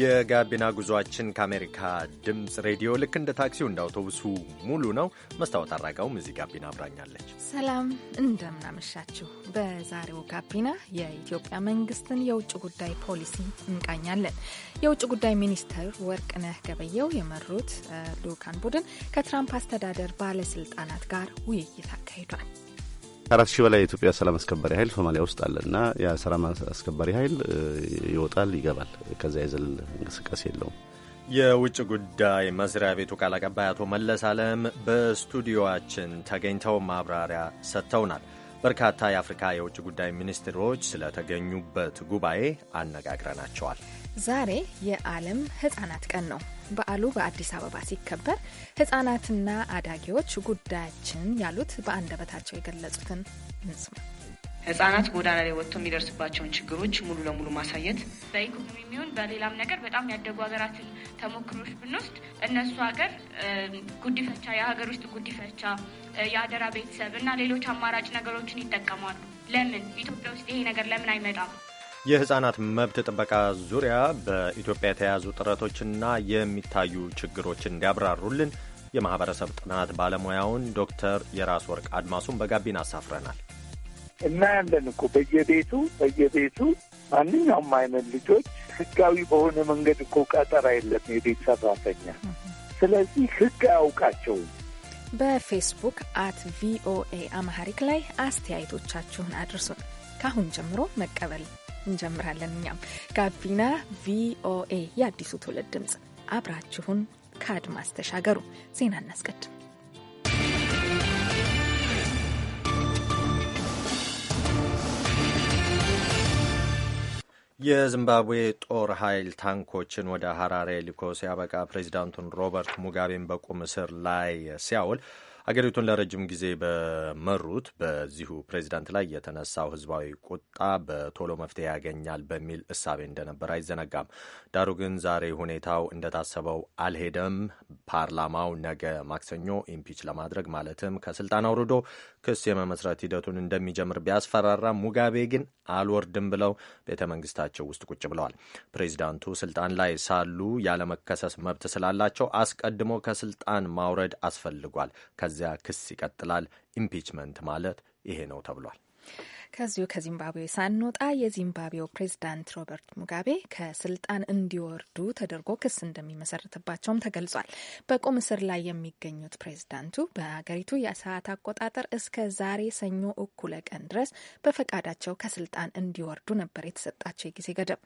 የጋቢና ጉዟችን ከአሜሪካ ድምፅ ሬዲዮ ልክ እንደ ታክሲው እንደ አውቶቡሱ ሙሉ ነው። መስታወት አራጋውም እዚህ ጋቢና አብራኛለች። ሰላም እንደምናመሻችሁ። በዛሬው ጋቢና የኢትዮጵያ መንግስትን የውጭ ጉዳይ ፖሊሲ እንቃኛለን። የውጭ ጉዳይ ሚኒስትር ወርቅነህ ገበየው የመሩት ልዑካን ቡድን ከትራምፕ አስተዳደር ባለስልጣናት ጋር ውይይት አካሂዷል። ከአራት ሺህ በላይ የኢትዮጵያ ሰላም አስከባሪ ኃይል ሶማሊያ ውስጥ አለ እና የሰላም አስከባሪ ኃይል ይወጣል፣ ይገባል። ከዚያ የዘለለ እንቅስቃሴ የለውም። የውጭ ጉዳይ መስሪያ ቤቱ ቃል አቀባይ አቶ መለስ አለም በስቱዲዮችን ተገኝተው ማብራሪያ ሰጥተውናል። በርካታ የአፍሪካ የውጭ ጉዳይ ሚኒስትሮች ስለተገኙበት ጉባኤ አነጋግረናቸዋል። ዛሬ የዓለም ህጻናት ቀን ነው። በዓሉ በአዲስ አበባ ሲከበር ህጻናትና አዳጊዎች ጉዳያችን ያሉት በአንደበታቸው የገለጹትን እንስማ። ህጻናት ጎዳና ላይ ወጥቶ የሚደርስባቸውን ችግሮች ሙሉ ለሙሉ ማሳየት በኢኮኖሚ የሚሆን በሌላም ነገር በጣም ያደጉ ሀገራትን ተሞክሮች ብንወስድ እነሱ ሀገር ጉዲፈቻ፣ የሀገር ውስጥ ጉዲፈቻ፣ የአደራ ቤተሰብ እና ሌሎች አማራጭ ነገሮችን ይጠቀማሉ። ለምን ኢትዮጵያ ውስጥ ይሄ ነገር ለምን አይመጣም? የህጻናት መብት ጥበቃ ዙሪያ በኢትዮጵያ የተያዙ ጥረቶችና የሚታዩ ችግሮች እንዲያብራሩልን የማህበረሰብ ጥናት ባለሙያውን ዶክተር የራስ ወርቅ አድማሱን በጋቢና አሳፍረናል። እናያለን እኮ በየቤቱ በየቤቱ ማንኛውም አይነት ልጆች ህጋዊ በሆነ መንገድ እኮ ቀጠራ የለም የቤት ሰራተኛ። ስለዚህ ህግ አያውቃቸውም። በፌስቡክ አት ቪኦኤ አማሐሪክ ላይ አስተያየቶቻችሁን አድርሱን። ከአሁን ጀምሮ መቀበል እንጀምራለን። እኛም ጋቢና ቪኦኤ የአዲሱ ትውልድ ድምፅ፣ አብራችሁን ከአድማስ ተሻገሩ። ዜና እናስቀድም። የዚምባብዌ ጦር ኃይል ታንኮችን ወደ ሀራሬ ሊኮ ሲያበቃ ፕሬዚዳንቱን ሮበርት ሙጋቤን በቁም እስር ላይ ሲያውል አገሪቱን ለረጅም ጊዜ በመሩት በዚሁ ፕሬዚዳንት ላይ የተነሳው ህዝባዊ ቁጣ በቶሎ መፍትሄ ያገኛል በሚል እሳቤ እንደነበር አይዘነጋም። ዳሩ ግን ዛሬ ሁኔታው እንደታሰበው አልሄደም። ፓርላማው ነገ ማክሰኞ ኢምፒች ለማድረግ ማለትም ከስልጣን አውርዶ ክስ የመመስረት ሂደቱን እንደሚጀምር ቢያስፈራራም ሙጋቤ ግን አልወርድም ብለው ቤተ መንግስታቸው ውስጥ ቁጭ ብለዋል። ፕሬዚዳንቱ ስልጣን ላይ ሳሉ ያለመከሰስ መብት ስላላቸው አስቀድሞ ከስልጣን ማውረድ አስፈልጓል። ከዚያ ክስ ይቀጥላል። ኢምፒችመንት ማለት ይሄ ነው ተብሏል። ከዚሁ ከዚምባብዌ ሳንወጣ የዚምባብዌው ፕሬዚዳንት ሮበርት ሙጋቤ ከስልጣን እንዲወርዱ ተደርጎ ክስ እንደሚመሰረትባቸውም ተገልጿል። በቁም እስር ላይ የሚገኙት ፕሬዚዳንቱ በሀገሪቱ የሰዓት አቆጣጠር እስከ ዛሬ ሰኞ እኩለ ቀን ድረስ በፈቃዳቸው ከስልጣን እንዲወርዱ ነበር የተሰጣቸው የጊዜ ገደብ።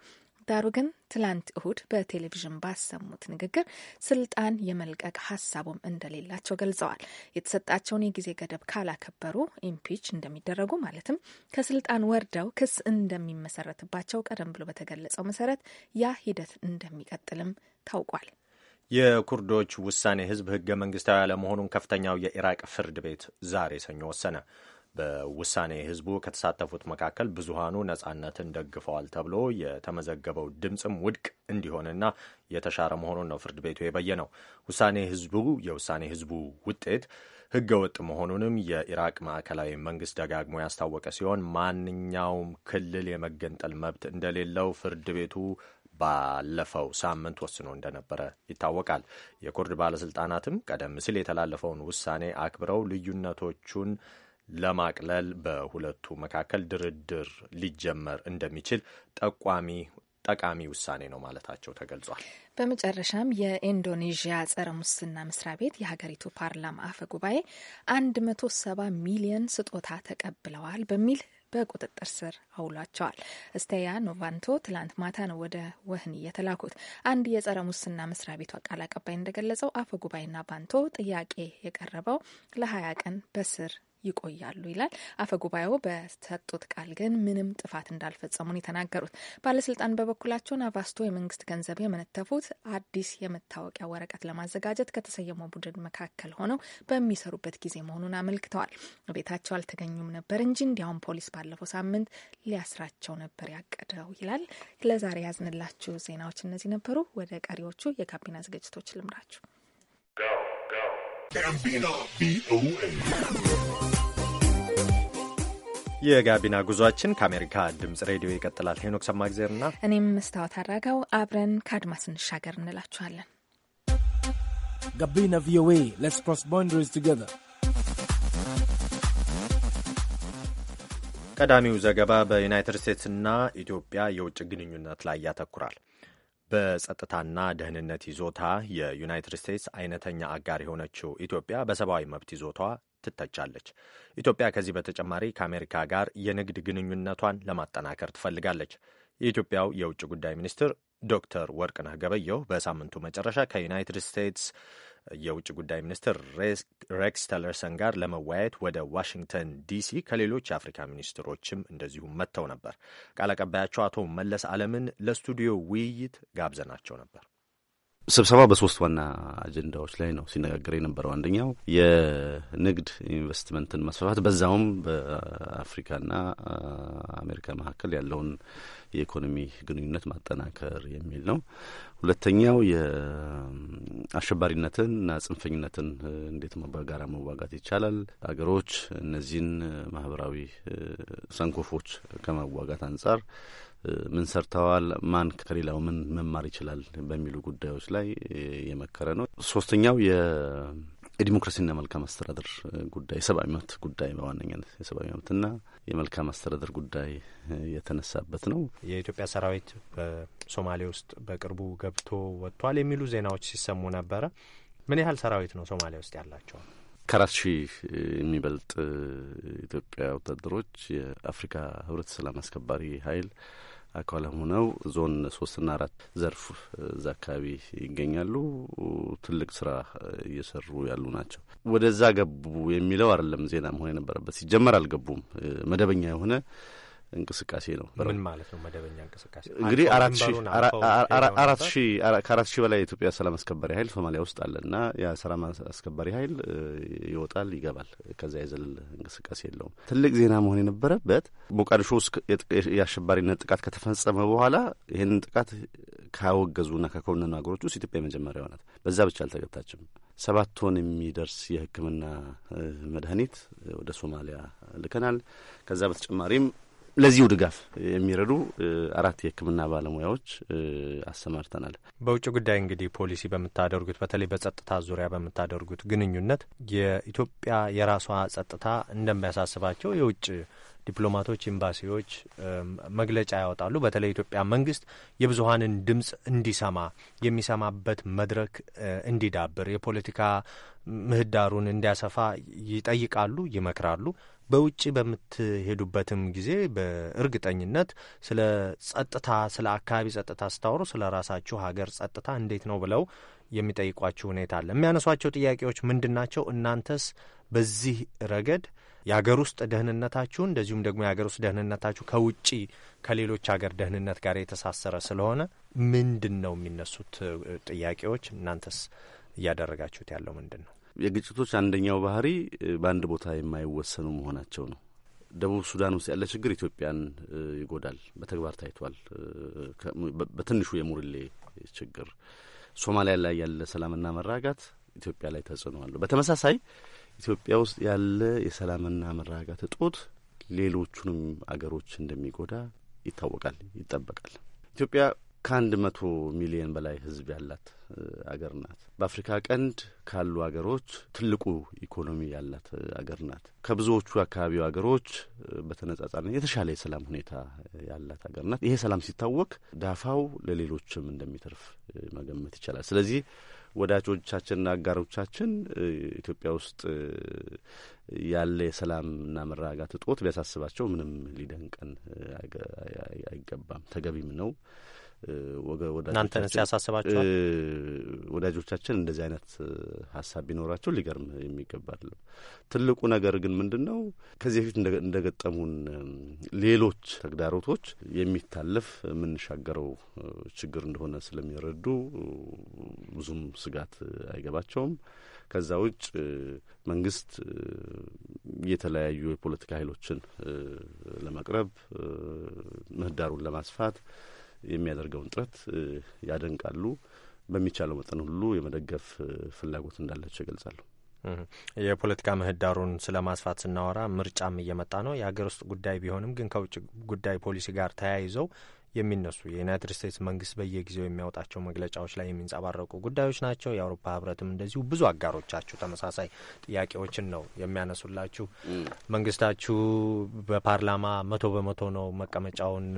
ዳሩ ግን ትላንት እሁድ በቴሌቪዥን ባሰሙት ንግግር ስልጣን የመልቀቅ ሀሳቡም እንደሌላቸው ገልጸዋል። የተሰጣቸውን የጊዜ ገደብ ካላከበሩ ኢምፒች እንደሚደረጉ ማለትም ከስልጣን ወርደው ክስ እንደሚመሰረትባቸው ቀደም ብሎ በተገለጸው መሰረት ያ ሂደት እንደሚቀጥልም ታውቋል። የኩርዶች ውሳኔ ህዝብ ህገ መንግስታዊ አለመሆኑን ከፍተኛው የኢራቅ ፍርድ ቤት ዛሬ ሰኞ ወሰነ። በውሳኔ ህዝቡ ከተሳተፉት መካከል ብዙሃኑ ነጻነትን ደግፈዋል ተብሎ የተመዘገበው ድምፅም ውድቅ እንዲሆንና የተሻረ መሆኑን ነው ፍርድ ቤቱ የበየነው። ውሳኔ ህዝቡ የውሳኔ ህዝቡ ውጤት ህገ ወጥ መሆኑንም የኢራቅ ማዕከላዊ መንግስት ደጋግሞ ያስታወቀ ሲሆን ማንኛውም ክልል የመገንጠል መብት እንደሌለው ፍርድ ቤቱ ባለፈው ሳምንት ወስኖ እንደነበረ ይታወቃል። የኩርድ ባለስልጣናትም ቀደም ሲል የተላለፈውን ውሳኔ አክብረው ልዩነቶቹን ለማቅለል በሁለቱ መካከል ድርድር ሊጀመር እንደሚችል ጠቋሚ ጠቃሚ ውሳኔ ነው ማለታቸው ተገልጿል። በመጨረሻም የኢንዶኔዥያ ጸረ ሙስና መስሪያ ቤት የሀገሪቱ ፓርላማ አፈ ጉባኤ መቶ ሰባ ሚሊየን ስጦታ ተቀብለዋል በሚል በቁጥጥር ስር አውሏቸዋል። እስቴያ ኖቫንቶ ትላንት ማታ ነው ወደ ወህኒ የተላኩት። አንድ የጸረ ሙስና መስሪያ ቤቱ ቃል አቀባይ እንደገለጸው አፈ ጉባኤና ቫንቶ ጥያቄ የቀረበው ለሀያ ቀን በስር ይቆያሉ ይላል። አፈ ጉባኤው በሰጡት ቃል ግን ምንም ጥፋት እንዳልፈጸሙን የተናገሩት ባለስልጣን በበኩላቸው ናቫስቶ የመንግስት ገንዘብ የመነተፉት አዲስ የመታወቂያ ወረቀት ለማዘጋጀት ከተሰየመው ቡድን መካከል ሆነው በሚሰሩበት ጊዜ መሆኑን አመልክተዋል። ቤታቸው አልተገኙም ነበር እንጂ እንዲያውም ፖሊስ ባለፈው ሳምንት ሊያስራቸው ነበር ያቀደው ይላል። ለዛሬ ያዝንላችሁ ዜናዎች እነዚህ ነበሩ። ወደ ቀሪዎቹ የካቢና ዝግጅቶች ልምራችሁ። ጋቢና ቪኦኤ የጋቢና ጉዟችን ከአሜሪካ ድምጽ ሬዲዮ ይቀጥላል። ሄኖክ ሰማግዜርና እኔም መስታወት አድራጋው አብረን ከአድማስ እንሻገር እንላችኋለን። ጋቢና ቪኦኤ ሌትስ ክሮስ ቦንደሪስ ቱጌዘር ቀዳሚው ዘገባ በዩናይትድ ስቴትስና ኢትዮጵያ የውጭ ግንኙነት ላይ ያተኩራል። በጸጥታና ደህንነት ይዞታ የዩናይትድ ስቴትስ አይነተኛ አጋር የሆነችው ኢትዮጵያ በሰብአዊ መብት ይዞቷ ትተቻለች። ኢትዮጵያ ከዚህ በተጨማሪ ከአሜሪካ ጋር የንግድ ግንኙነቷን ለማጠናከር ትፈልጋለች። የኢትዮጵያው የውጭ ጉዳይ ሚኒስትር ዶክተር ወርቅነህ ገበየሁ በሳምንቱ መጨረሻ ከዩናይትድ ስቴትስ የውጭ ጉዳይ ሚኒስትር ሬክስ ተለርሰን ጋር ለመወያየት ወደ ዋሽንግተን ዲሲ ከሌሎች የአፍሪካ ሚኒስትሮችም እንደዚሁም መጥተው ነበር። ቃል አቀባያቸው አቶ መለስ አለምን ለስቱዲዮ ውይይት ጋብዘናቸው ነበር። ስብሰባ በሶስት ዋና አጀንዳዎች ላይ ነው ሲነጋገር የነበረው። አንደኛው የንግድ ኢንቨስትመንትን መስፋፋት፣ በዛውም በአፍሪካና አሜሪካ መካከል ያለውን የኢኮኖሚ ግንኙነት ማጠናከር የሚል ነው። ሁለተኛው የአሸባሪነትንና ጽንፈኝነትን እንዴት በጋራ መዋጋት ይቻላል፣ አገሮች እነዚህን ማህበራዊ ሰንኮፎች ከመዋጋት አንጻር ምን ሰርተዋል፣ ማን ከሌላው ምን መማር ይችላል በሚሉ ጉዳዮች ላይ የመከረ ነው። ሶስተኛው የዲሞክራሲና መልካም አስተዳደር ጉዳይ የሰብአዊ መብት ጉዳይ በዋነኛነት የሰብአዊ መብትና የመልካም አስተዳደር ጉዳይ የተነሳበት ነው። የኢትዮጵያ ሰራዊት በሶማሌ ውስጥ በቅርቡ ገብቶ ወጥቷል የሚሉ ዜናዎች ሲሰሙ ነበረ። ምን ያህል ሰራዊት ነው ሶማሌ ውስጥ ያላቸው? ከአራት ሺህ የሚበልጥ ኢትዮጵያ ወታደሮች የአፍሪካ ህብረት ሰላም አስከባሪ ኃይል አካልም ሆነው ዞን ሶስትና አራት ዘርፍ እዛ አካባቢ ይገኛሉ። ትልቅ ስራ እየሰሩ ያሉ ናቸው። ወደዛ ገቡ የሚለው አይደለም ዜና መሆን የነበረበት ሲጀመር አልገቡም። መደበኛ የሆነ እንቅስቃሴ ነው። ምን ማለት ነው መደበኛ እንቅስቃሴ? እንግዲህ አራት ሺ ከአራት ሺህ በላይ የኢትዮጵያ ሰላም አስከባሪ ኃይል ሶማሊያ ውስጥ አለ እና የሰላም አስከባሪ ኃይል ይወጣል ይገባል። ከዚያ የዘለለ እንቅስቃሴ የለውም። ትልቅ ዜና መሆን የነበረበት ሞቃዲሾ ውስጥ የአሸባሪነት ጥቃት ከተፈጸመ በኋላ ይህንን ጥቃት ካወገዙና ከኮነኑ ሀገሮች ውስጥ ኢትዮጵያ የመጀመሪያ ሆናት። በዛ ብቻ አልተገታችም። ሰባት ቶን የሚደርስ የሕክምና መድኃኒት ወደ ሶማሊያ ልከናል። ከዛ በተጨማሪም ለዚሁ ድጋፍ የሚረዱ አራት የሕክምና ባለሙያዎች አሰማርተናል። በውጭ ጉዳይ እንግዲህ ፖሊሲ በምታደርጉት በተለይ በጸጥታ ዙሪያ በምታደርጉት ግንኙነት የኢትዮጵያ የራሷ ጸጥታ እንደሚያሳስባቸው የውጭ ዲፕሎማቶች፣ ኤምባሲዎች መግለጫ ያወጣሉ። በተለይ የኢትዮጵያ መንግስት የብዙሀንን ድምጽ እንዲሰማ የሚሰማበት መድረክ እንዲዳብር የፖለቲካ ምህዳሩን እንዲያሰፋ ይጠይቃሉ፣ ይመክራሉ። በውጭ በምትሄዱበትም ጊዜ በእርግጠኝነት ስለ ጸጥታ፣ ስለ አካባቢ ጸጥታ ስታወሩ ስለ ራሳችሁ ሀገር ጸጥታ እንዴት ነው ብለው የሚጠይቋችሁ ሁኔታ አለ። የሚያነሷቸው ጥያቄዎች ምንድን ናቸው? እናንተስ በዚህ ረገድ የሀገር ውስጥ ደህንነታችሁ እንደዚሁም ደግሞ የሀገር ውስጥ ደህንነታችሁ ከውጭ ከሌሎች ሀገር ደህንነት ጋር የተሳሰረ ስለሆነ ምንድን ነው የሚነሱት ጥያቄዎች? እናንተስ እያደረጋችሁት ያለው ምንድን ነው? የግጭቶች አንደኛው ባህሪ በአንድ ቦታ የማይወሰኑ መሆናቸው ነው። ደቡብ ሱዳን ውስጥ ያለ ችግር ኢትዮጵያን ይጎዳል፣ በተግባር ታይቷል። በትንሹ የሙርሌ ችግር፣ ሶማሊያ ላይ ያለ ሰላምና መራጋት ኢትዮጵያ ላይ ተጽዕኖ አለው። በተመሳሳይ ኢትዮጵያ ውስጥ ያለ የሰላምና መራጋት እጦት ሌሎቹንም አገሮች እንደሚጎዳ ይታወቃል፣ ይጠበቃል። ኢትዮጵያ ከአንድ መቶ ሚሊዮን በላይ ህዝብ ያላት አገር ናት። በአፍሪካ ቀንድ ካሉ አገሮች ትልቁ ኢኮኖሚ ያላት አገር ናት። ከብዙዎቹ አካባቢው አገሮች በተነጻጻሪነት የተሻለ የሰላም ሁኔታ ያላት አገር ናት። ይሄ ሰላም ሲታወቅ ዳፋው ለሌሎችም እንደሚተርፍ መገመት ይቻላል። ስለዚህ ወዳጆቻችንና አጋሮቻችን ኢትዮጵያ ውስጥ ያለ የሰላምና መረጋጋት እጦት ቢያሳስባቸው ምንም ሊደንቀን አይገባም፣ ተገቢም ነው። እናንተን ወዳጆቻችን እንደዚህ አይነት ሀሳብ ቢኖራቸው ሊገርም አይደለም። ትልቁ ነገር ግን ምንድን ነው ከዚህ በፊት እንደገጠሙን ሌሎች ተግዳሮቶች የሚታለፍ የምንሻገረው ችግር እንደሆነ ስለሚረዱ ብዙም ስጋት አይገባቸውም። ከዛ ውጭ መንግስት የተለያዩ የፖለቲካ ኃይሎችን ለመቅረብ ምህዳሩን ለማስፋት የሚያደርገውን ጥረት ያደንቃሉ። በሚቻለው መጠን ሁሉ የመደገፍ ፍላጎት እንዳላቸው ይገልጻሉ። የፖለቲካ ምህዳሩን ስለ ማስፋት ስናወራ ምርጫም እየመጣ ነው። የሀገር ውስጥ ጉዳይ ቢሆንም ግን ከውጭ ጉዳይ ፖሊሲ ጋር ተያይዘው የሚነሱ የዩናይትድ ስቴትስ መንግስት በየጊዜው የሚያወጣቸው መግለጫዎች ላይ የሚንጸባረቁ ጉዳዮች ናቸው። የአውሮፓ ህብረትም እንደዚሁ ብዙ አጋሮቻችሁ ተመሳሳይ ጥያቄዎችን ነው የሚያነሱላችሁ። መንግስታችሁ በፓርላማ መቶ በመቶ ነው መቀመጫውን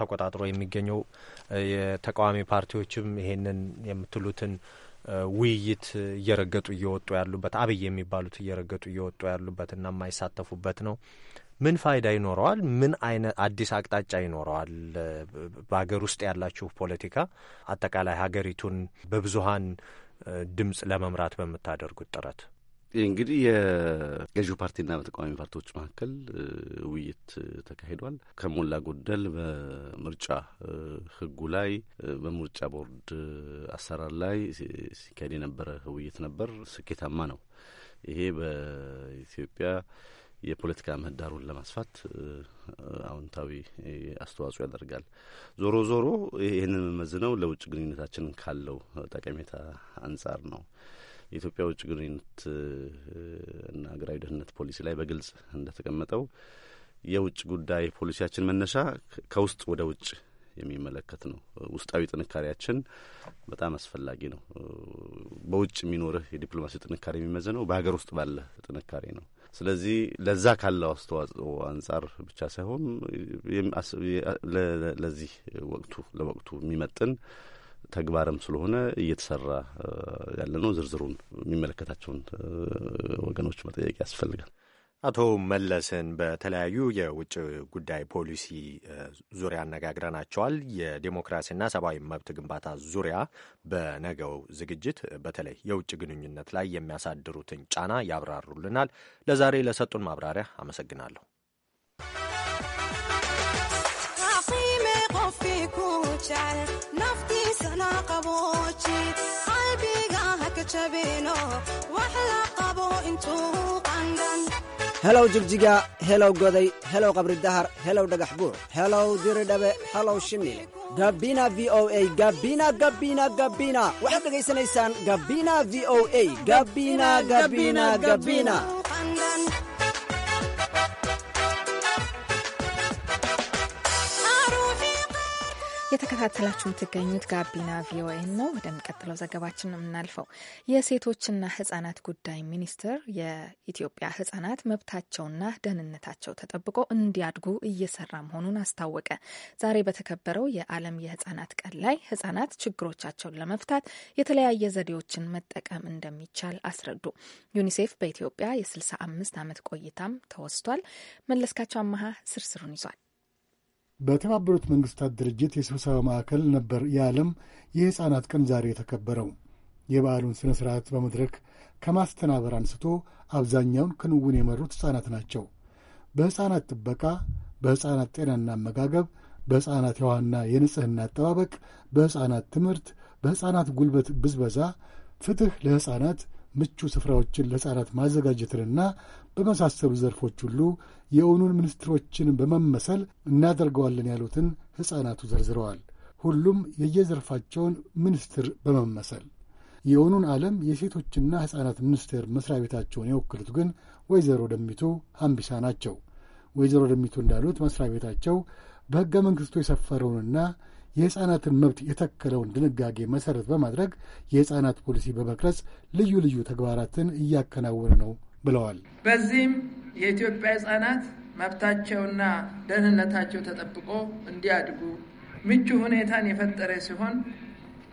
ተቆጣጥሮ የሚገኘው። የተቃዋሚ ፓርቲዎችም ይሄንን የምትሉትን ውይይት እየረገጡ እየወጡ ያሉበት አብይ የሚባሉት እየረገጡ እየወጡ ያሉበት እና የማይሳተፉበት ነው። ምን ፋይዳ ይኖረዋል? ምን አይነት አዲስ አቅጣጫ ይኖረዋል? በሀገር ውስጥ ያላችሁ ፖለቲካ አጠቃላይ ሀገሪቱን በብዙሀን ድምፅ ለመምራት በምታደርጉት ጥረት እንግዲህ የገዢው ፓርቲና በተቃዋሚ ፓርቲዎች መካከል ውይይት ተካሂዷል። ከሞላ ጎደል በምርጫ ሕጉ ላይ በምርጫ ቦርድ አሰራር ላይ ሲካሄድ የነበረ ውይይት ነበር። ስኬታማ ነው። ይሄ በኢትዮጵያ የፖለቲካ ምህዳሩን ለማስፋት አዎንታዊ አስተዋጽኦ ያደርጋል። ዞሮ ዞሮ ይህንን የምመዝነው ለውጭ ግንኙነታችን ካለው ጠቀሜታ አንጻር ነው። የኢትዮጵያ ውጭ ግንኙነት እና ሀገራዊ ደህንነት ፖሊሲ ላይ በግልጽ እንደተቀመጠው የውጭ ጉዳይ ፖሊሲያችን መነሻ ከውስጥ ወደ ውጭ የሚመለከት ነው። ውስጣዊ ጥንካሬያችን በጣም አስፈላጊ ነው። በውጭ የሚኖርህ የዲፕሎማሲ ጥንካሬ የሚመዘነው በሀገር ውስጥ ባለ ጥንካሬ ነው። ስለዚህ ለዛ ካለው አስተዋጽኦ አንጻር ብቻ ሳይሆን ለዚህ ወቅቱ ለወቅቱ የሚመጥን ተግባርም ስለሆነ እየተሰራ ያለ ነው። ዝርዝሩን የሚመለከታቸውን ወገኖች መጠየቅ ያስፈልጋል። አቶ መለስን በተለያዩ የውጭ ጉዳይ ፖሊሲ ዙሪያ አነጋግረናቸዋል። የዴሞክራሲና ሰብአዊ መብት ግንባታ ዙሪያ በነገው ዝግጅት በተለይ የውጭ ግንኙነት ላይ የሚያሳድሩትን ጫና ያብራሩልናል። ለዛሬ ለሰጡን ማብራሪያ አመሰግናለሁ። helow jigjiga helow goday helow qabri dahar helow dhagax buuc helow diridhabe helow shimil gabina v o a gabina gabina gabina waxaad dhegaysanaysaan gabina v o a gabina gabina gabina የተከታተላችሁ የምትገኙት ጋቢና ቪኦኤ ነው። ወደሚቀጥለው ዘገባችን ነው የምናልፈው። የሴቶችና ህጻናት ጉዳይ ሚኒስቴር የኢትዮጵያ ህጻናት መብታቸውና ደህንነታቸው ተጠብቆ እንዲያድጉ እየሰራ መሆኑን አስታወቀ። ዛሬ በተከበረው የዓለም የህጻናት ቀን ላይ ህጻናት ችግሮቻቸውን ለመፍታት የተለያየ ዘዴዎችን መጠቀም እንደሚቻል አስረዱ። ዩኒሴፍ በኢትዮጵያ የ65 ዓመት ቆይታም ተወስቷል። መለስካቸው አመሀ ስርስሩን ይዟል። በተባበሩት መንግስታት ድርጅት የስብሰባ ማዕከል ነበር የዓለም የሕፃናት ቀን ዛሬ የተከበረው። የበዓሉን ሥነ ሥርዓት በመድረክ ከማስተናበር አንስቶ አብዛኛውን ክንውን የመሩት ሕፃናት ናቸው። በሕፃናት ጥበቃ፣ በሕፃናት ጤናና አመጋገብ፣ በሕፃናት የውሃና የንጽሕና አጠባበቅ፣ በሕፃናት ትምህርት፣ በሕፃናት ጉልበት ብዝበዛ፣ ፍትሕ ለሕፃናት ምቹ ስፍራዎችን ለሕፃናት ማዘጋጀትንና በመሳሰሉ ዘርፎች ሁሉ የእውኑን ሚኒስትሮችን በመመሰል እናደርገዋለን ያሉትን ሕፃናቱ ዘርዝረዋል። ሁሉም የየዘርፋቸውን ሚኒስትር በመመሰል የእውኑን ዓለም የሴቶችና ሕፃናት ሚኒስቴር መሥሪያ ቤታቸውን የወክሉት ግን ወይዘሮ ደሚቱ አምቢሳ ናቸው። ወይዘሮ ደሚቱ እንዳሉት መሥሪያ ቤታቸው በሕገ መንግሥቱ የሰፈረውንና የሕፃናትን መብት የተከለውን ድንጋጌ መሠረት በማድረግ የሕፃናት ፖሊሲ በመቅረጽ ልዩ ልዩ ተግባራትን እያከናወነ ነው ብለዋል። በዚህም የኢትዮጵያ ህጻናት መብታቸውና ደህንነታቸው ተጠብቆ እንዲያድጉ ምቹ ሁኔታን የፈጠረ ሲሆን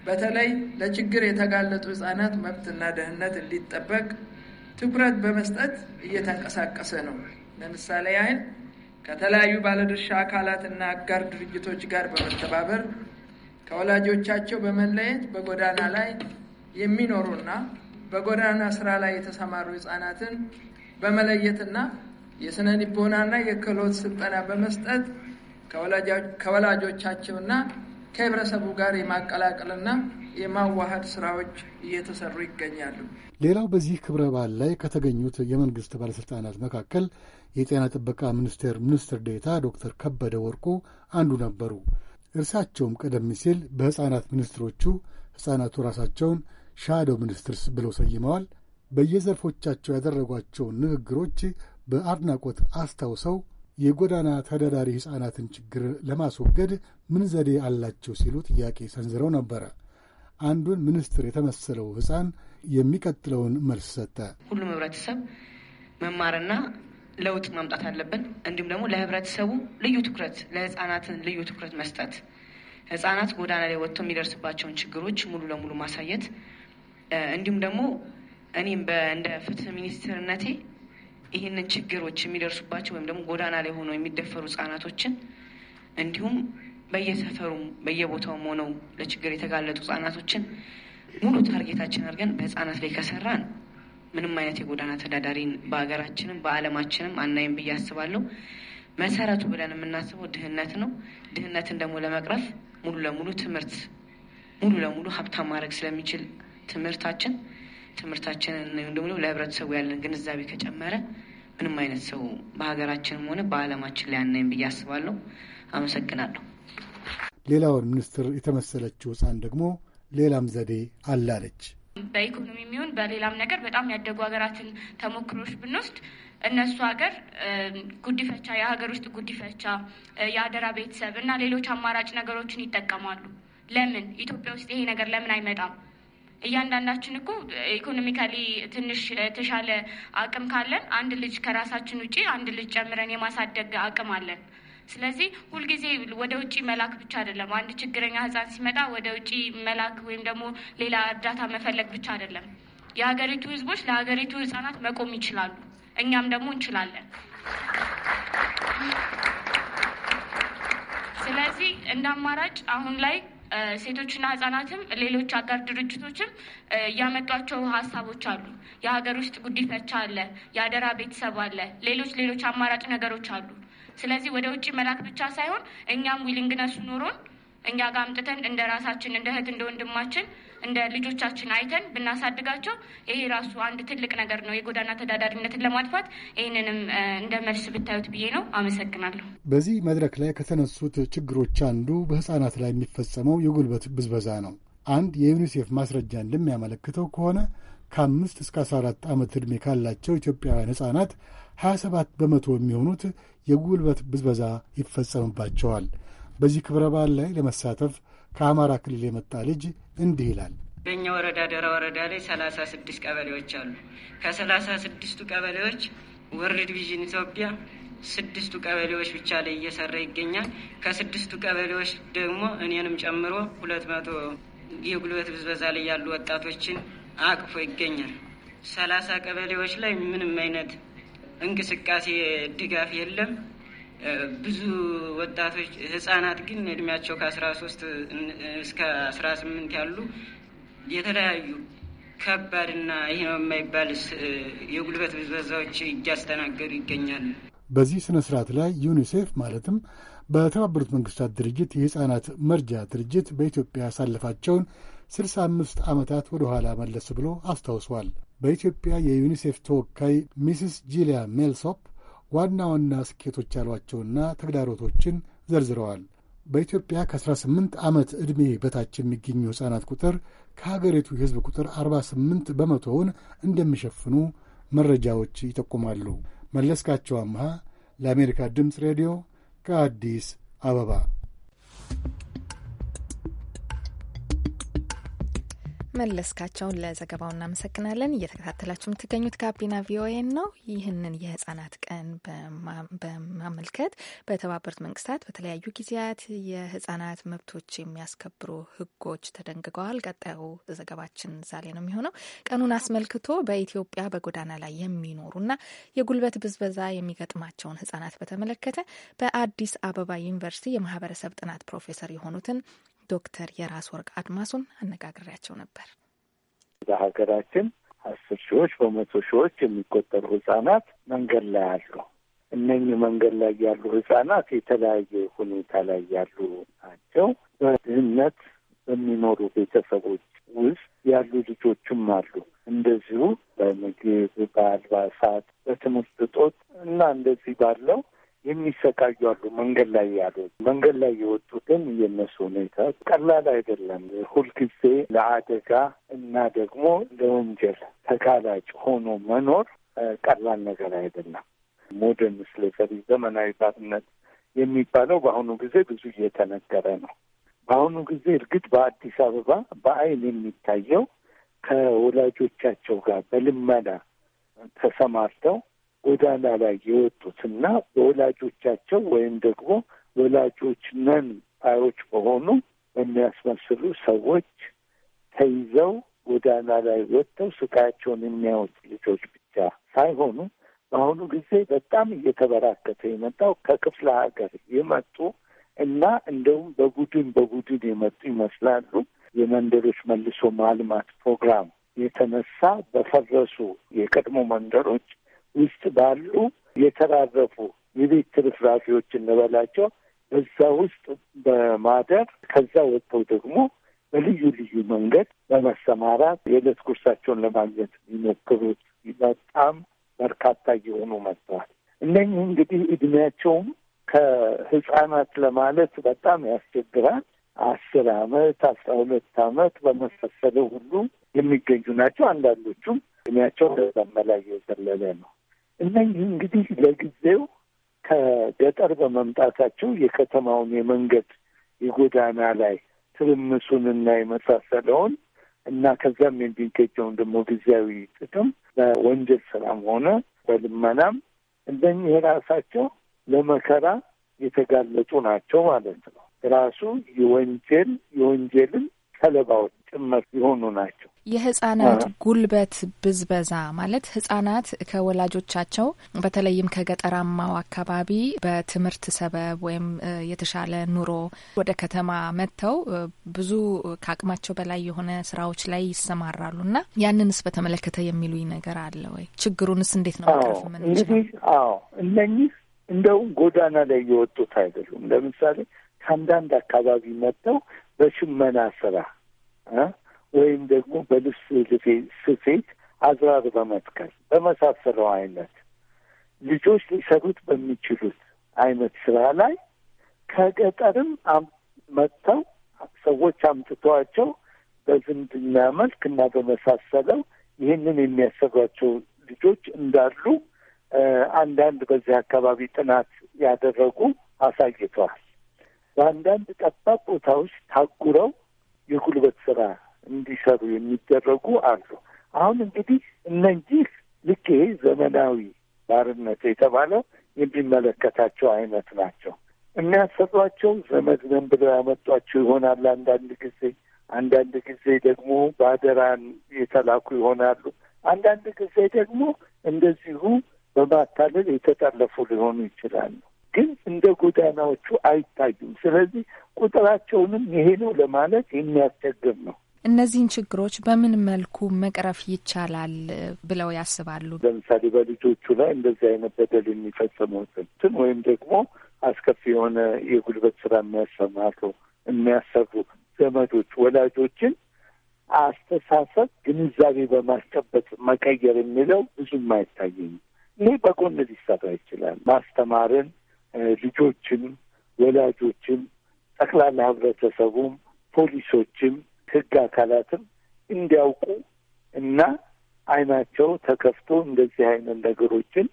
በተለይ ለችግር የተጋለጡ ህጻናት መብትና ደህንነት እንዲጠበቅ ትኩረት በመስጠት እየተንቀሳቀሰ ነው። ለምሳሌ ያህል ከተለያዩ ባለድርሻ አካላትና አጋር ድርጅቶች ጋር በመተባበር ከወላጆቻቸው በመለየት በጎዳና ላይ የሚኖሩና በጎዳና ስራ ላይ የተሰማሩ ህጻናትን በመለየትና የስነ ልቦናና የክህሎት ስልጠና በመስጠት ከወላጆቻቸውና ከህብረተሰቡ ጋር የማቀላቀልና የማዋሃድ ስራዎች እየተሰሩ ይገኛሉ። ሌላው በዚህ ክብረ በዓል ላይ ከተገኙት የመንግስት ባለሥልጣናት መካከል የጤና ጥበቃ ሚኒስቴር ሚኒስትር ዴታ ዶክተር ከበደ ወርቁ አንዱ ነበሩ። እርሳቸውም ቀደም ሲል በሕፃናት ሚኒስትሮቹ ሕፃናቱ ራሳቸውን ሻዶ ሚኒስትርስ ብለው ሰይመዋል። በየዘርፎቻቸው ያደረጓቸውን ንግግሮች በአድናቆት አስታውሰው የጎዳና ተዳዳሪ ሕፃናትን ችግር ለማስወገድ ምን ዘዴ አላቸው ሲሉ ጥያቄ ሰንዝረው ነበረ። አንዱን ሚኒስትር የተመሰለው ሕፃን የሚቀጥለውን መልስ ሰጠ። ሁሉም ህብረተሰብ መማርና ለውጥ ማምጣት አለብን። እንዲሁም ደግሞ ለህብረተሰቡ ልዩ ትኩረት፣ ለህፃናትን ልዩ ትኩረት መስጠት፣ ህፃናት ጎዳና ላይ ወጥተው የሚደርስባቸውን ችግሮች ሙሉ ለሙሉ ማሳየት እንዲሁም ደግሞ እኔም እንደ ፍትህ ሚኒስትርነቴ ይህንን ችግሮች የሚደርሱባቸው ወይም ደግሞ ጎዳና ላይ ሆነው የሚደፈሩ ህጻናቶችን እንዲሁም በየሰፈሩም በየቦታውም ሆነው ለችግር የተጋለጡ ህጻናቶችን ሙሉ ታርጌታችን አድርገን በህጻናት ላይ ከሰራን ምንም አይነት የጎዳና ተዳዳሪን በሀገራችንም በዓለማችንም አናይም ብዬ አስባለሁ። መሰረቱ ብለን የምናስበው ድህነት ነው። ድህነትን ደግሞ ለመቅረፍ ሙሉ ለሙሉ ትምህርት ሙሉ ለሙሉ ሀብታም ማድረግ ስለሚችል ትምህርታችን ትምህርታችንን ወይም ደግሞ ለህብረተሰቡ ያለን ግንዛቤ ከጨመረ ምንም አይነት ሰው በሀገራችንም ሆነ በዓለማችን ላይ አናይም ብዬ አስባለሁ። አመሰግናለሁ። ሌላውን ሚኒስትር የተመሰለችው ህፃን ደግሞ ሌላም ዘዴ አላለች። በኢኮኖሚ የሚሆን በሌላም ነገር በጣም ያደጉ ሀገራትን ተሞክሮች ብንወስድ እነሱ ሀገር ጉዲፈቻ፣ የሀገር ውስጥ ጉዲፈቻ፣ የአደራ ቤተሰብ እና ሌሎች አማራጭ ነገሮችን ይጠቀማሉ። ለምን ኢትዮጵያ ውስጥ ይሄ ነገር ለምን አይመጣም? እያንዳንዳችን እኮ ኢኮኖሚካሊ ትንሽ የተሻለ አቅም ካለን አንድ ልጅ ከራሳችን ውጪ አንድ ልጅ ጨምረን የማሳደግ አቅም አለን። ስለዚህ ሁልጊዜ ወደ ውጭ መላክ ብቻ አይደለም። አንድ ችግረኛ ህፃን ሲመጣ ወደ ውጭ መላክ ወይም ደግሞ ሌላ እርዳታ መፈለግ ብቻ አይደለም። የሀገሪቱ ህዝቦች ለሀገሪቱ ህጻናት መቆም ይችላሉ። እኛም ደግሞ እንችላለን። ስለዚህ እንደ አማራጭ አሁን ላይ ሴቶችና ህጻናትም ሌሎች አጋር ድርጅቶችም እያመጧቸው ሀሳቦች አሉ። የሀገር ውስጥ ጉዲፈቻ አለ፣ የአደራ ቤተሰብ አለ፣ ሌሎች ሌሎች አማራጭ ነገሮች አሉ። ስለዚህ ወደ ውጭ መላክ ብቻ ሳይሆን እኛም ዊሊንግነሱ ኖሮን እኛ ጋር አምጥተን እንደ ራሳችን እንደ እህት እንደ ወንድማችን እንደ ልጆቻችን አይተን ብናሳድጋቸው ይሄ ራሱ አንድ ትልቅ ነገር ነው። የጎዳና ተዳዳሪነትን ለማጥፋት ይህንንም እንደ መልስ ብታዩት ብዬ ነው። አመሰግናለሁ። በዚህ መድረክ ላይ ከተነሱት ችግሮች አንዱ በህጻናት ላይ የሚፈጸመው የጉልበት ብዝበዛ ነው። አንድ የዩኒሴፍ ማስረጃ እንደሚያመለክተው ከሆነ ከአምስት እስከ 14 ዓመት ዕድሜ ካላቸው ኢትዮጵያውያን ሕፃናት 27 በመቶ የሚሆኑት የጉልበት ብዝበዛ ይፈጸምባቸዋል። በዚህ ክብረ በዓል ላይ ለመሳተፍ ከአማራ ክልል የመጣ ልጅ እንዲህ ይላል። በእኛ ወረዳ ደራ ወረዳ ላይ ሰላሳ ስድስት ቀበሌዎች አሉ። ከሰላሳ ስድስቱ ቀበሌዎች ወርልድ ዲቪዥን ኢትዮጵያ ስድስቱ ቀበሌዎች ብቻ ላይ እየሰራ ይገኛል። ከስድስቱ ቀበሌዎች ደግሞ እኔንም ጨምሮ ሁለት መቶ የጉልበት ብዝበዛ ላይ ያሉ ወጣቶችን አቅፎ ይገኛል። ሰላሳ ቀበሌዎች ላይ ምንም አይነት እንቅስቃሴ ድጋፍ የለም። ብዙ ወጣቶች ህጻናት ግን እድሜያቸው ከአስራ ሶስት እስከ አስራ ስምንት ያሉ የተለያዩ ከባድና ይህ ነው የማይባል የጉልበት ብዝበዛዎች እያስተናገዱ ይገኛሉ። በዚህ ስነ ስርዓት ላይ ዩኒሴፍ ማለትም በተባበሩት መንግስታት ድርጅት የህፃናት መርጃ ድርጅት በኢትዮጵያ ያሳለፋቸውን 65 ዓመታት ወደ ኋላ መለስ ብሎ አስታውሷል። በኢትዮጵያ የዩኒሴፍ ተወካይ ሚስስ ጂሊያ ሜልሶፕ ዋና ዋና ስኬቶች ያሏቸውና ተግዳሮቶችን ዘርዝረዋል። በኢትዮጵያ ከ18 ዓመት ዕድሜ በታች የሚገኙ ሕፃናት ቁጥር ከሀገሪቱ የሕዝብ ቁጥር 48 በመቶውን እንደሚሸፍኑ መረጃዎች ይጠቁማሉ። መለስካቸው አምሃ ለአሜሪካ ድምፅ ሬዲዮ ከአዲስ አበባ መለስካቸውን ለዘገባው እናመሰግናለን። እየተከታተላችሁ የምትገኙት ጋቢና ቪኦኤ ነው። ይህንን የህጻናት ቀን በማመልከት በተባበሩት መንግስታት በተለያዩ ጊዜያት የህጻናት መብቶች የሚያስከብሩ ህጎች ተደንግገዋል። ቀጣዩ ዘገባችን ዛሬ ነው የሚሆነው። ቀኑን አስመልክቶ በኢትዮጵያ በጎዳና ላይ የሚኖሩና የጉልበት ብዝበዛ የሚገጥማቸውን ህጻናት በተመለከተ በአዲስ አበባ ዩኒቨርሲቲ የማህበረሰብ ጥናት ፕሮፌሰር የሆኑትን ዶክተር የራስ ወርቅ አድማሱን አነጋግሬያቸው ነበር። በሀገራችን አስር ሺዎች በመቶ ሺዎች የሚቆጠሩ ህጻናት መንገድ ላይ አሉ። እነኚህ መንገድ ላይ ያሉ ህጻናት የተለያየ ሁኔታ ላይ ያሉ ናቸው። በድህነት በሚኖሩ ቤተሰቦች ውስጥ ያሉ ልጆችም አሉ። እንደዚሁ በምግብ፣ በአልባሳት፣ በትምህርት እጦት እና እንደዚህ ባለው የሚሰቃዩ አሉ። መንገድ ላይ ያሉ መንገድ ላይ የወጡትን የነሱ ሁኔታ ቀላል አይደለም። ሁልጊዜ ለአደጋ እና ደግሞ ለወንጀል ተጋላጭ ሆኖ መኖር ቀላል ነገር አይደለም። ሞደርን ስሌቨሪ ዘመናዊ ባርነት የሚባለው በአሁኑ ጊዜ ብዙ እየተነገረ ነው። በአሁኑ ጊዜ እርግጥ በአዲስ አበባ በአይን የሚታየው ከወላጆቻቸው ጋር በልመና ተሰማርተው ጎዳና ላይ የወጡት እና በወላጆቻቸው ወይም ደግሞ ወላጆች ነን ባዮች በሆኑ በሚያስመስሉ ሰዎች ተይዘው ጎዳና ላይ ወጥተው ስቃያቸውን የሚያወጡ ልጆች ብቻ ሳይሆኑ በአሁኑ ጊዜ በጣም እየተበራከተ የመጣው ከክፍለ ሀገር የመጡ እና እንደውም በቡድን በቡድን የመጡ ይመስላሉ። የመንደሮች መልሶ ማልማት ፕሮግራም የተነሳ በፈረሱ የቀድሞ መንደሮች ውስጥ ባሉ የተራረፉ የቤት ትርፍራፊዎች እንበላቸው በዛ ውስጥ በማደር ከዛ ወጥተው ደግሞ በልዩ ልዩ መንገድ በመሰማራት የዕለት ጉርሳቸውን ለማግኘት የሚሞክሩት በጣም በርካታ እየሆኑ መጥተዋል። እነኚህ እንግዲህ እድሜያቸውም ከህጻናት ለማለት በጣም ያስቸግራል። አስር አመት አስራ ሁለት አመት በመሳሰለው ሁሉ የሚገኙ ናቸው። አንዳንዶቹም እድሜያቸው በዛም የዘለለ ነው። እነዚህ እንግዲህ ለጊዜው ከገጠር በመምጣታቸው የከተማውን የመንገድ የጎዳና ላይ ትርምሱንና የመሳሰለውን እና ከዛም የሚገኘውን ደግሞ ጊዜያዊ ጥቅም በወንጀል ስራም ሆነ በልመናም እንደኚህ ራሳቸው ለመከራ የተጋለጡ ናቸው ማለት ነው። ራሱ የወንጀል የወንጀልን ሰለባዎች ጭምር የሆኑ ናቸው። የህጻናት ጉልበት ብዝበዛ ማለት ህጻናት ከወላጆቻቸው በተለይም ከገጠራማው አካባቢ በትምህርት ሰበብ ወይም የተሻለ ኑሮ ወደ ከተማ መጥተው ብዙ ከአቅማቸው በላይ የሆነ ስራዎች ላይ ይሰማራሉ እና ያንንስ በተመለከተ የሚሉኝ ነገር አለ ወይ? ችግሩንስ እንዴት ነው መቅረፍ የምንችለው? አዎ እነኚህ እንደውም ጎዳና ላይ የወጡት አይደሉም። ለምሳሌ ከአንዳንድ አካባቢ መጥተው በሽመና ስራ ወይም ደግሞ በልብስ ስፌት አዝራር በመትከል በመሳሰለው አይነት ልጆች ሊሰሩት በሚችሉት አይነት ስራ ላይ ከገጠርም መጥተው ሰዎች አምጥተዋቸው በዝምድና መልክ እና በመሳሰለው ይህንን የሚያሰሯቸው ልጆች እንዳሉ አንዳንድ በዚህ አካባቢ ጥናት ያደረጉ አሳይተዋል። በአንዳንድ ጠባብ ቦታዎች ታጉረው የጉልበት ስራ እንዲሰሩ የሚደረጉ አሉ። አሁን እንግዲህ እነዚህ ልኬ ዘመናዊ ባርነት የተባለው የሚመለከታቸው አይነት ናቸው። የሚያሰሯቸው ዘመድ ነን ብለው ያመጧቸው ይሆናል አንዳንድ ጊዜ፣ አንዳንድ ጊዜ ደግሞ በአደራን የተላኩ ይሆናሉ። አንዳንድ ጊዜ ደግሞ እንደዚሁ በማታለል የተጠለፉ ሊሆኑ ይችላሉ። ግን እንደ ጎዳናዎቹ አይታዩም። ስለዚህ ቁጥራቸውንም ይሄ ነው ለማለት የሚያስቸግር ነው። እነዚህን ችግሮች በምን መልኩ መቅረፍ ይቻላል ብለው ያስባሉ? ለምሳሌ በልጆቹ ላይ እንደዚህ አይነት በደል የሚፈጽሙትን ወይም ደግሞ አስከፊ የሆነ የጉልበት ስራ የሚያሰማሩ የሚያሰሩ ዘመዶች፣ ወላጆችን አስተሳሰብ ግንዛቤ በማስጨበጥ መቀየር የሚለው ብዙም አይታየኝም። ይህ በጎን ሊሰራ ይችላል። ማስተማርን ልጆችም፣ ወላጆችም፣ ጠቅላላ ህብረተሰቡም፣ ፖሊሶችም፣ ህግ አካላትም እንዲያውቁ እና አይናቸው ተከፍቶ እንደዚህ አይነት ነገሮችን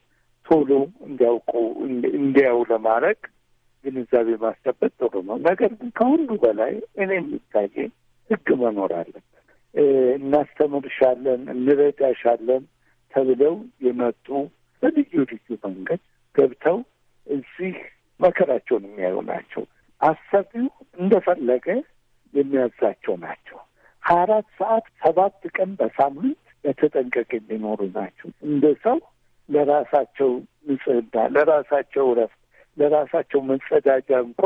ቶሎ እንዲያውቁ እንዲያው ለማድረግ ግንዛቤ ማስጨበጥ ጥሩ ነው። ነገር ግን ከሁሉ በላይ እኔ የሚታየ ህግ መኖር አለበት። እናስተምርሻለን፣ እንረዳሻለን ተብለው የመጡ በልዩ ልዩ መንገድ ገብተው እዚህ መከራቸውን የሚያዩ ናቸው። አሰሪው እንደፈለገ የሚያዛቸው ናቸው። ሀያ አራት ሰዓት ሰባት ቀን በሳምንት በተጠንቀቅ የሚኖሩ ናቸው። እንደ ሰው ለራሳቸው ንጽህና፣ ለራሳቸው እረፍት ለራሳቸው መጸዳጃ እንኳ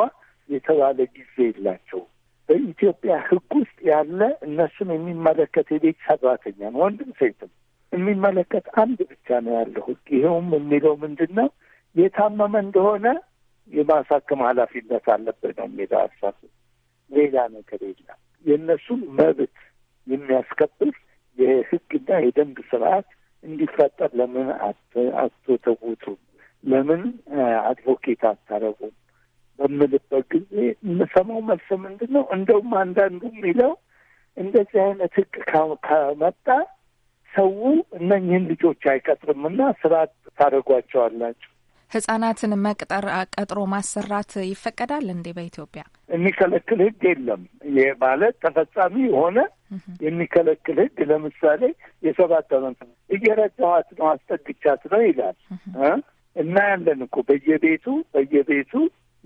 የተባለ ጊዜ የላቸው። በኢትዮጵያ ሕግ ውስጥ ያለ እነሱን የሚመለከት የቤት ሰራተኛ ነው ወንድም ሴትም የሚመለከት አንድ ብቻ ነው ያለ ሕግ። ይኸውም የሚለው ምንድን ነው? የታመመ እንደሆነ የማሳከም ኃላፊነት አለበት ነው የሚል ሀሳብ። ሌላ ነገር የለም። የእነሱን መብት የሚያስከብር የህግና የደንብ ስርዓት እንዲፈጠር ለምን አትወተውቱም? ለምን አድቮኬት አታረጉም? በምልበት ጊዜ የምሰማው መልስ ምንድን ነው? እንደውም አንዳንዱ የሚለው እንደዚህ አይነት ህግ ከመጣ ሰው እነኝህን ልጆች አይቀጥርምና ስራ ታደርጓቸዋላችሁ ህጻናትን መቅጠር፣ ቀጥሮ ማሰራት ይፈቀዳል እንዴ? በኢትዮጵያ የሚከለክል ህግ የለም። ይህ ማለት ተፈጻሚ የሆነ የሚከለክል ህግ ለምሳሌ የሰባት አመት እየረዳኋት ነው አስጠግቻት ነው ይላል እና ያለን እኮ በየቤቱ በየቤቱ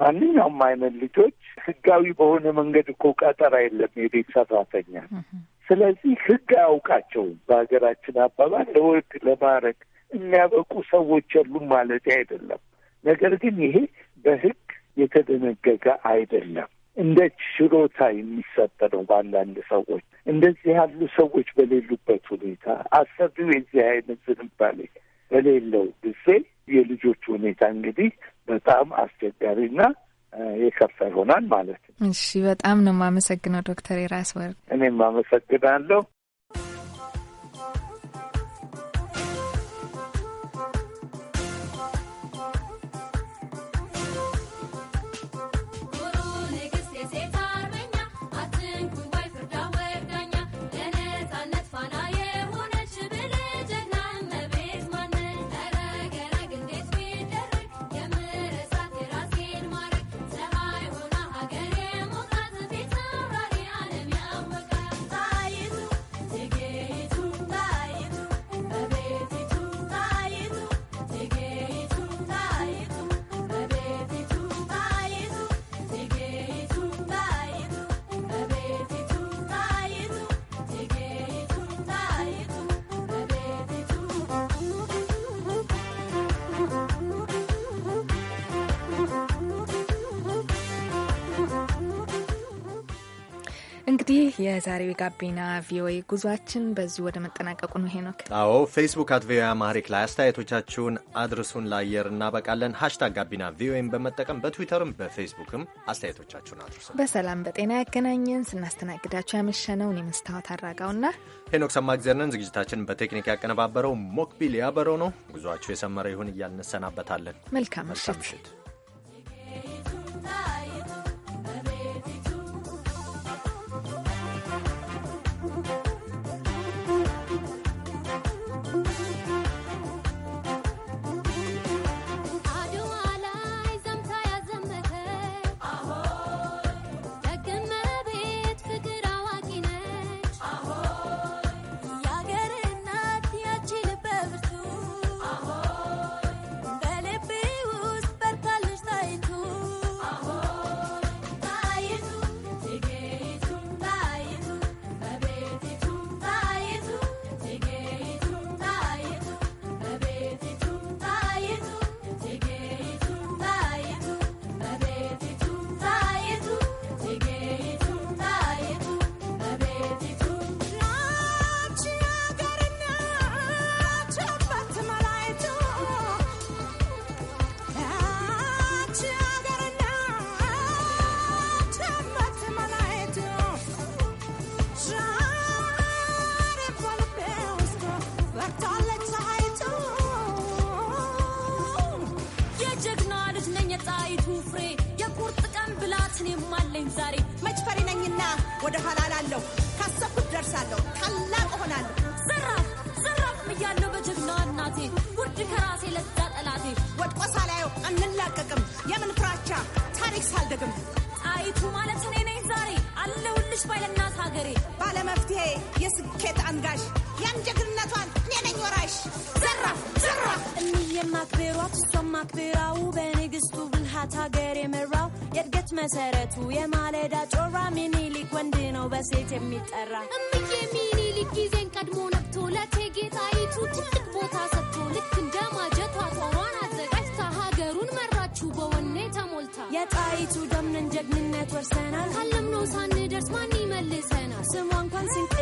ማንኛውም አይነት ልጆች ህጋዊ በሆነ መንገድ እኮ ቀጠራ የለም የቤት ሰራተኛ። ስለዚህ ህግ አያውቃቸውም። በሀገራችን አባባል ለወግ ለማድረግ የሚያበቁ ሰዎች የሉም ማለት አይደለም። ነገር ግን ይሄ በህግ የተደነገገ አይደለም። እንደ ችሎታ የሚሰጥ ነው። በአንዳንድ ሰዎች እንደዚህ ያሉ ሰዎች በሌሉበት ሁኔታ አሰሪው የዚህ አይነት ዝንባሌ በሌለው ጊዜ የልጆች ሁኔታ እንግዲህ በጣም አስቸጋሪና የከፋ ይሆናል ማለት ነው። እሺ፣ በጣም ነው የማመሰግነው ዶክተር የራስ ወርቅ። እኔም አመሰግናለሁ። እንግዲህ የዛሬው የጋቢና ቪኦኤ ጉዟችን በዚሁ ወደ መጠናቀቁ ነው። ሄኖክ አዎ፣ ፌስቡክ አት ቪኦኤ አማሪክ ላይ አስተያየቶቻችሁን አድርሱን፣ ለአየር እናበቃለን። ሀሽታግ ጋቢና ቪኦኤን በመጠቀም በትዊተርም በፌስቡክም አስተያየቶቻችሁን አድርሱ። በሰላም በጤና ያገናኘን። ስናስተናግዳችሁ ያመሸነው የመስታወት መስታወት ሄኖክ ሰማግዘርነን፣ ዝግጅታችንን በቴክኒክ ያቀነባበረው ሞክቢል ያበረው ነው። ጉዟችሁ የሰመረ ይሁን እያልንሰናበታለን። መልካም ምሽት። አልላቀቅም። የምን ፍራቻ ታሪክ ሳልደግም ጣይቱ ማለት እኔ ነኝ ዛሬ አለሁልሽ ባይለናት ሀገሬ ባለመፍትሄ የስኬት አንጋሽ ያን ጀግንነቷን እኔ ነኝ ወራሽ ዘራፍ ዘራፍ እኒዬ ማክቤሯት እሷም ማክቤራው በንግስቱ ብልሃት ሀገር የመራው የእድገት መሰረቱ የማለዳ ጮራ ሚኒሊክ ወንድ ነው በሴት የሚጠራ እምዬ ሚኒሊክ ጊዜን ቀድሞ ነብቶ ለእቴጌ ጣይቱ ትልቅ ቦታ ከጣይቱ ደምነን ጀግንነት ወርሰናል። ካለምነው ሳንደርስ ማን ይመልሰናል? ስሟ እንኳን